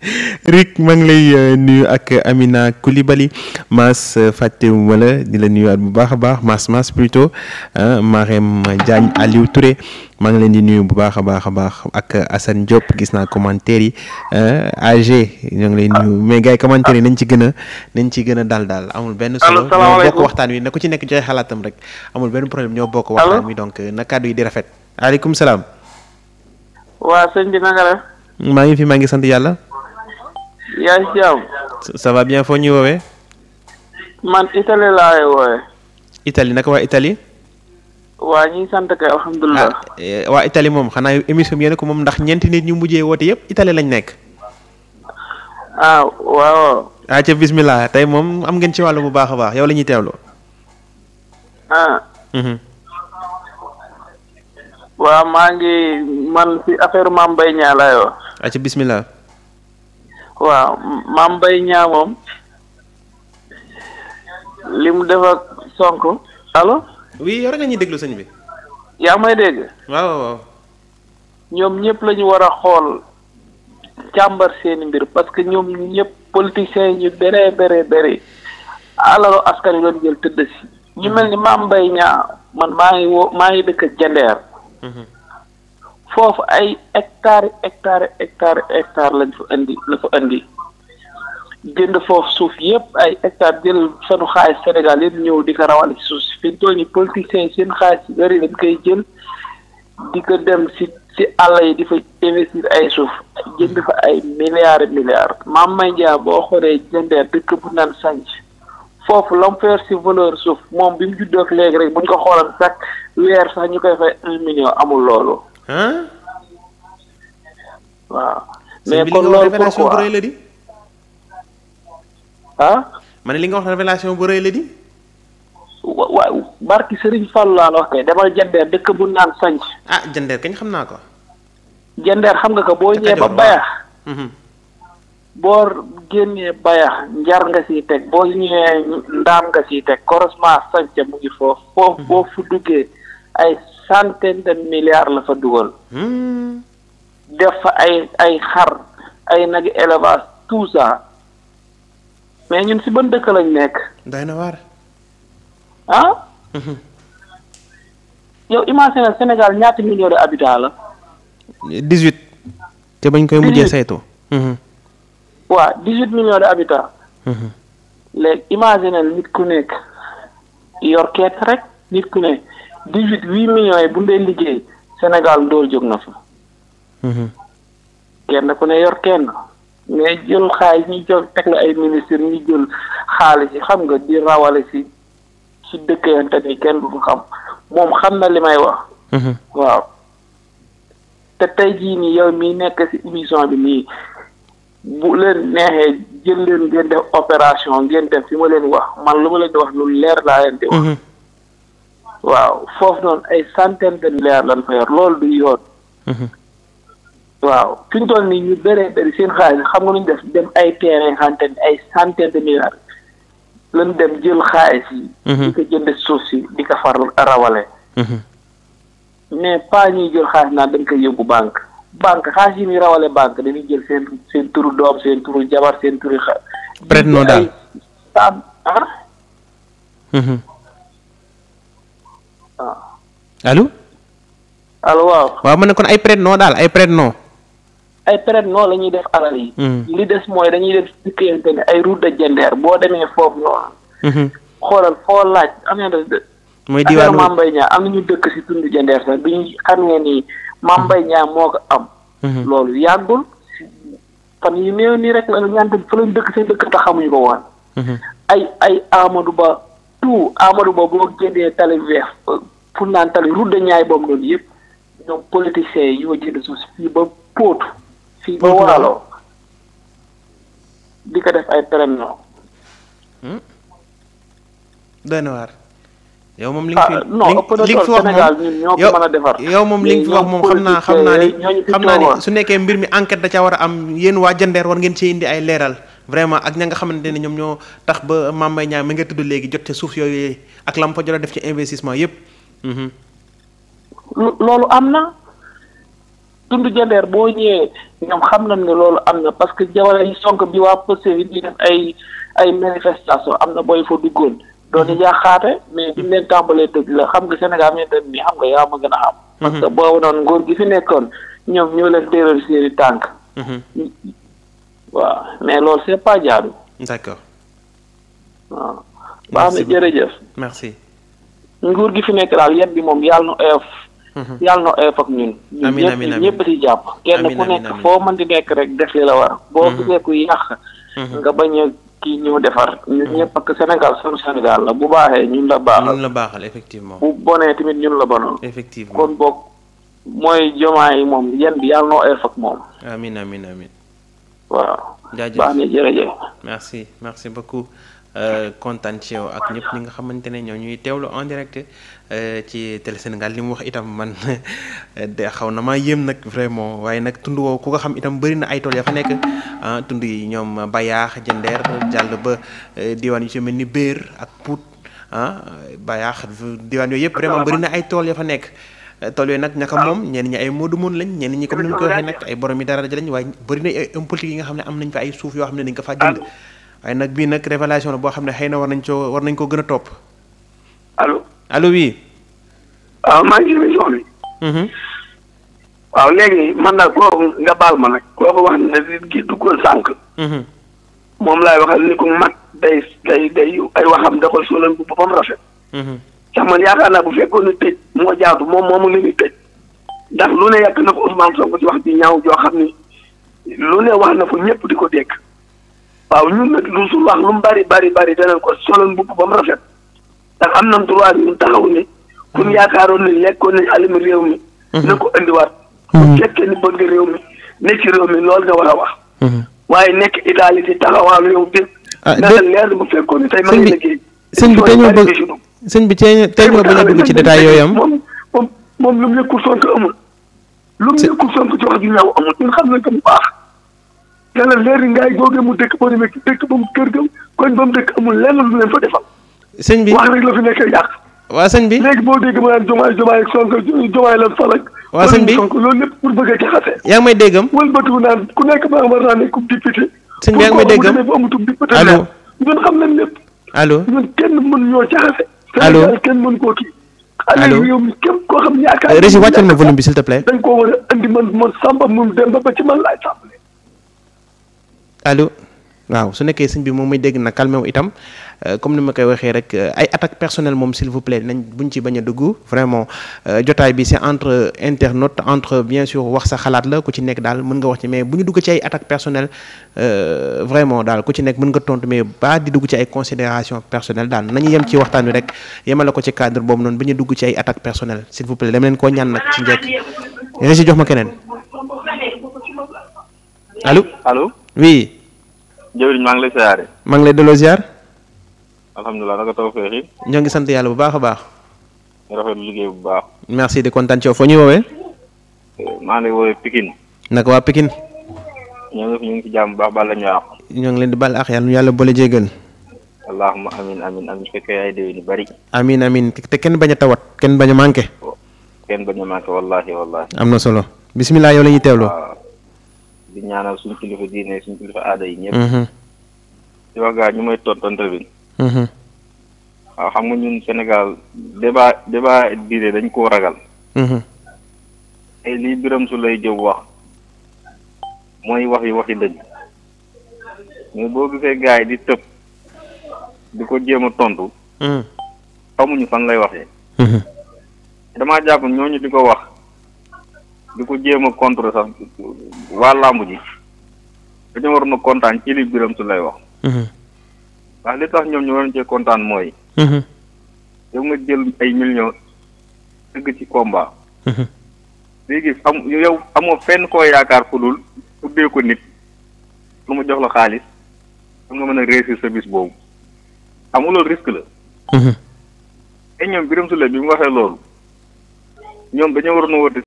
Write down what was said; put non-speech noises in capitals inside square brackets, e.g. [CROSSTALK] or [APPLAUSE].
[LAUGHS] Rick maa ngi lay euh, nuyu ak Amina Coulibaly Mass euh, fàttewuma wala di la nuyuwaat bu baax a baax Mass Mass plutôt Marème Diagne Aliou Touré maa ngi leen di nuyu bu baax a baax a baax ak Assane Diop gis naa commentaire yi AG ñoo ngi lay ah. mais gars yi commentaire yi nañ ci gën a nañ ci gën a dal daal amul benn solo ñoo bokk ci nekk joxe xalaatam rek amul benn problème ñoo bokk waxtaan wi donc na yi di rafet aleykum salaam maa ngi fi maa ngi sant yàlla yaa si jàmm. ça va bien foo ñuy woowee. man Italie laay woowee. Italie naka waa Italie. waa ñuy sant kay alhamdulilah. Ah, eh, waa Italie moom xanaa émission bi yéen ko moom ndax ñeenti nit ñu mujjee woote yëpp Italie lañu nekk. ah waaw. ah ca bismillah tey moom am ngeen ci wàllu bu baax a baax yow lañuy ñuy teewloo. ah. Mhm. waaw maa ngi man si affaire Mame Mbaye ah ca bismillah. waaw maam bay Niang moom li mu def ak Sonko allo. oui yore nga ñuy déglu sëñ bi. yaa may dégg. waaw waaw. ñoom ñëpp lañu war a xool càmbar seeni mbir parce que ñoom ñëpp politiciens yi ñu bëree bëree bëri alalu askan wi doon jël tëdd ci ñu mel ni Mame Mbaye Niang man maa ngi woo maa ngi dëkk Jandeer. Mhm. foofu ay hectare hectare hectare hectare lañ fa indi la fa indi jënd foofu suuf yëpp ay hectare jël sanu xaalis Sénégal yëpp ñëw di ko rawale si suuf si fi ñu toll yi seen xaalis yu bëri dañ koy jël di ko dem si si àll yi di fa investir ay suuf jënd fa ay milliards et milliards Mame Mbaye boo xoolee jëndeer dëkk bu naan sànc foofu lam faire si suuf moom bi mu juddoo léegi rek buñ ko xoolal chaque weer sax ñu koy fay un million amul loolu ah. mais kon loolu révélation bu rëy la di. ah. ma ne li nga wax révélation bu rëy la di. wa waaw barki Serigne Fallou laa la wax kay demal jandeer dëkk bu naan sanc ah jandeer kañ xam naa ko. jandeer xam nga ko boo ñëwee ba bayax mhm. boo génnee bayax njar nga si teg boo ñëwee ndaam nga si teg corosement sanc mu ngi foofu. foofu mhm. duggee ay centaine de milliards la fa dugal. Hmm. def fa ay ay xar ay nag élevage tout ça mais ñun si ban dëkk lañ nekk. day na waar. ah. Hmm. yow imagine Sénégal ñaata millions de habitants la. dix huit. te bañ koy mujjee saytu. Hmm. waa dix huit millions de habitants. léegi imagine nit ku nekk yor rek nit ku nekk. dix huit huit yi bu ñu liggéey Sénégal dóor jóg na fa. Mhm. kenn ku ne yor kenn mais jël xaalis ñu jël teg la ay ministre ñu jël xaalis yi xam nga di rawale si si dëkk kenn bu ko xam moom xam na li may wax. Mhm. waaw te tey jii nii yow mii nekk ci émission bi nii bu leen neexee jël leen ngeen def opération ngeen def fi ma leen wax man lu ma leen di wax lu leer laa leen di wax. Mhm. waaw foofu noonu ay centaine de milliards lañ fa yor loolu du yoon. Mhm. waaw fi ñu toll nii ñu bëree bëri seen xaalis xam nga lu ñu def dem ay teere xamante ay centaine de milliards dem jël xaalis yi. Mhm. di ko jënd suuf si di ko far rawale. Mhm. mais pas ñuy jël xaalis naa dañ koy yóbbu bànk banque xaalis yi ñuy rawale banque dañuy jël seen seen turu doom seen turu jabar seen turu xa. prête non daal. Ah, ah. allo. allo waaw. waaw ma ne kon ay prête-nom daal ay prête-nom. ay prête-nom la ñuy def alal yi. Hmm. li des mooy dañuy def diggante ne ay route de Diender boo demee foofu noonu. Hmm. xoolal foo laaj am na mooy diwaanu Mame Mbaye ñu dëkk si tund Diender sax bi ñu xam ne nii Mame Mbaye Niang moo ko am. Hmm. loolu yàggul fan yu néew nii rek la ñaan fa lañ dëkk seen dëkk xamuñu ko woon. ay ay Amadou Ba tout Amadou Ba boo génnee tali weex pour naan tali de Niayes boobu noonu yëpp ñoom politiciens yi ñoo jënd suuf fii ba Potou. fii ba Waalo di ko def ay pérénions. Hmm? doy na waar. yow moom li nga ah, fi li nga fi wax moom yow moom li nga fi xam naa xam naa ni xam naa ni su nekkee mbir mi enquête da ca war a am yéen waa Jandeer war ngeen ci indi ay leeral vraiment ak ña nga xamante ne ñoom ñoo tax ba Mame Mbaye Niang mi nga tudd léegi jot ca suuf yooyu ak lam fa jot a def ci investissement yépp loolu am na dund jandeer boo ñëwee ñoom xam nañ ne loolu am na parce que jamono yi sonk bi waa Pastef yi di def ay ay manifestation am na booy fa duggoon doon yàqaate mais bi mu leen tàmbalee tëj la xam nga Sénégal mi dañ nii xam nga yaa ma gën a xam mhm. parce que boobu noonu nguur gi fi nekkoon ñoom ñoo leen téeral seeni tànk mhm. waaw mais loolu c'est pas jaadu d'accord waaw baax na jërëjëf merci nguur gi fi nekk daal yéen bi moom yàlla na oyof. Mhm. yàlla na oyof ak ñun. amiin amiin ñun ñëpp ci jàpp. kenn ku nekk foo mën di nekk rek def li la war. boo mhm. gisee ku yàq. Mhm. nga bañ a kii ñëw defar. ñëpp ak Sénégal sunu Sénégal la bu baaxee ñun la baaxal. ñun la baaxal effectivement. bu bonee tamit ñun la bonoon. effectivement kon boo mooy jomaay moom yéen bi yàlla na oyof ak moom. amiin amiin waaw. baax na jërëjëf. merci merci beaucoup. Euh, kontaan ci ak ñëpp ñi nga xamante ne ñoo ñuy teewlu en direct euh, ci Télé Sénégal li mu wax itam man [LAUGHS] de xaw na maa yéem nag vraiment waaye nag tund woo ku ko xam itam bëri na ay tool ya fa nekk ah ñoom Bayaax Jëndeer jàll ba euh, diwaan yu ci mel ni Béer ak Pout ah Bayaax diwaan yooyu yëpp vraiment bëri na tool fa nekk. tool yooyu nag ñaka moom ñenn ñi ay moodu moon lañ ñenn ñi comme ni mu ko waxee nag ay borom yi dara lañ waaye bëri na ay yi nga xam ne am nañ fa ay suuf yoo xam ne dañ ko fa jënd. waaye nag bii nag révélation boo xam ne xëy na war nañ coo war nañ ko gën a topp. allo allo oui. waaw ah, maa ngi émission bi. Mhm. waaw léegi man nag kooku ma nag. kooku wax na nit ki mhm. moom laay waxal ni ko mag day day day ay waxam da ko sóolal bu boppam rafet. Mhm. sax man yaakaar naa bu fekkoon tëj moo jaatu moom moomu li muy tëj. ndax lu ne yàgg na ko Ousmane Sonko ci wax bi ñaaw joo xam ni lu ne wax na ko ñëpp di ko dégg. waaw ñun nag lu suñu wax lu mu bari bari bari danañ ko solon mbubb ba mu rafet ndax am na droit bi ñu ni ne ku ñu mm-hmm. yaakaaroon ne lekkoon nañ réew mi. Mm-hmm. na ko indiwaat. bu mm-hmm. fekkee ni bëgg réew mi ne ci réew mi loolu nga war a wax. waaye nekk Italie di taxawaalu réew bi. ah dé leer bu fekkoon ne tey ma ngi liggéey. sëñ bi tey ñoo bëgg sëñ bi tey tey ñoo bañ a dugg ci détail yooyu am. moom moom moom lu mu nekkul sonk amul. lu mu nekkul sonk ci wax ju ñaaw amul ñun xam na ko bu baax. te la leer ngaay googee mu dëkk boo demee dëkk ba mu kër gam koñ ba mu dëkk amul lenn lu leen fa defal. sëñ bi wax rek fi nekkee yàq. waa sëñ bi léegi boo dégg ma naan jomaay jomaay ak sonko jomaay la falak waa sëñ bi sonko loolu lépp pour bëgg a jaxase. nekk maa war naa bi yaa may déggam bu ñun xam nañ lépp. allo ñun kenn mën ñoo jaxase. allo Sénégal kenn mën koo kii. allo yow képp koo xam yaakaar. Régis wàccal ma volume bi s'il te plaît. koo war a andi man man Samba mun dem ba ci allo waaw su nekkee sëñ bi moom muy dégg na calmé wu itam euh, comme ni ma koy waxee rek euh, ay attaque personnelle moom s'il vous plaît nañ buñ ci bañ a dugg vraiment euh, jotaay bi c'est entre internautes entre bien sûr wax sa xalaat la ku ci nekk daal mën nga wax ci mais bu ñu dugg ci ay attaque personnelle vraiment daal ku ci nekk mën nga tontu mais ba di dugg ci ay considération personnelle daal nañu yem ci waxtaan wi rek yemale ko ci cadre boobu noonu ba ñu dugg ci ay attaque personnelle s'il vous plaît dama koo ñaan nag ci njëkk Régis jox ma keneen oui. jëwriñ maa ngi lay siyaare. maa ngi lay delloo ziar. alhamdulilah naka taw feexi. ñoo ngi sant yàlla bu baax a baax. rafetlu merci de kontaan ci yow foo ñuy woowee. maa ngi lay woowee Pikine. naka waa Pikine. ñoo ngi fi ñu bu baax baal la ñu ñoo ngi leen di baal àq yàlla nu yàlla boole jéggal. allahumma amin amin amin te kenn bañ a tawat kenn bañ a manqué. kenn bañ a manqué wallaahi wallaahi. am na solo bisimilah yow la teewloo. di ñaanal suñ kilifa diine suñ kilifa aada yi ñëpp mhm. di wax gaa ñu may tontonte bi mhm. waaw xam nga ñun Sénégal débat débat diine dañ koo ragal ay lii biram su lay jëw wax mooy wax yi waxi dëgg mais boo gisee gaa yi di tëb di ko jéem a tontu mhm. xamuñu fan lay waxee damaa jàpp ñooñu di ko wax di ko jéem a contre sax waa làmb ji dañoo waroon a kontaan ci li Birame Souleye wax. ndax mhm. li tax ñoom ñu waroon cee kontaan mooy. Mhm. yow nga jël ay millions dëgg ci combat. Mhm. léegi am yow amoo fenn koo yaakaar fu dul ubbee ko nit lu ma jox la xaalis pour nga mën a réussir sa bis boobu amul loolu risque la. te ñoom Birame Souleye bi mu waxee loolu ñoom dañoo waroon a woote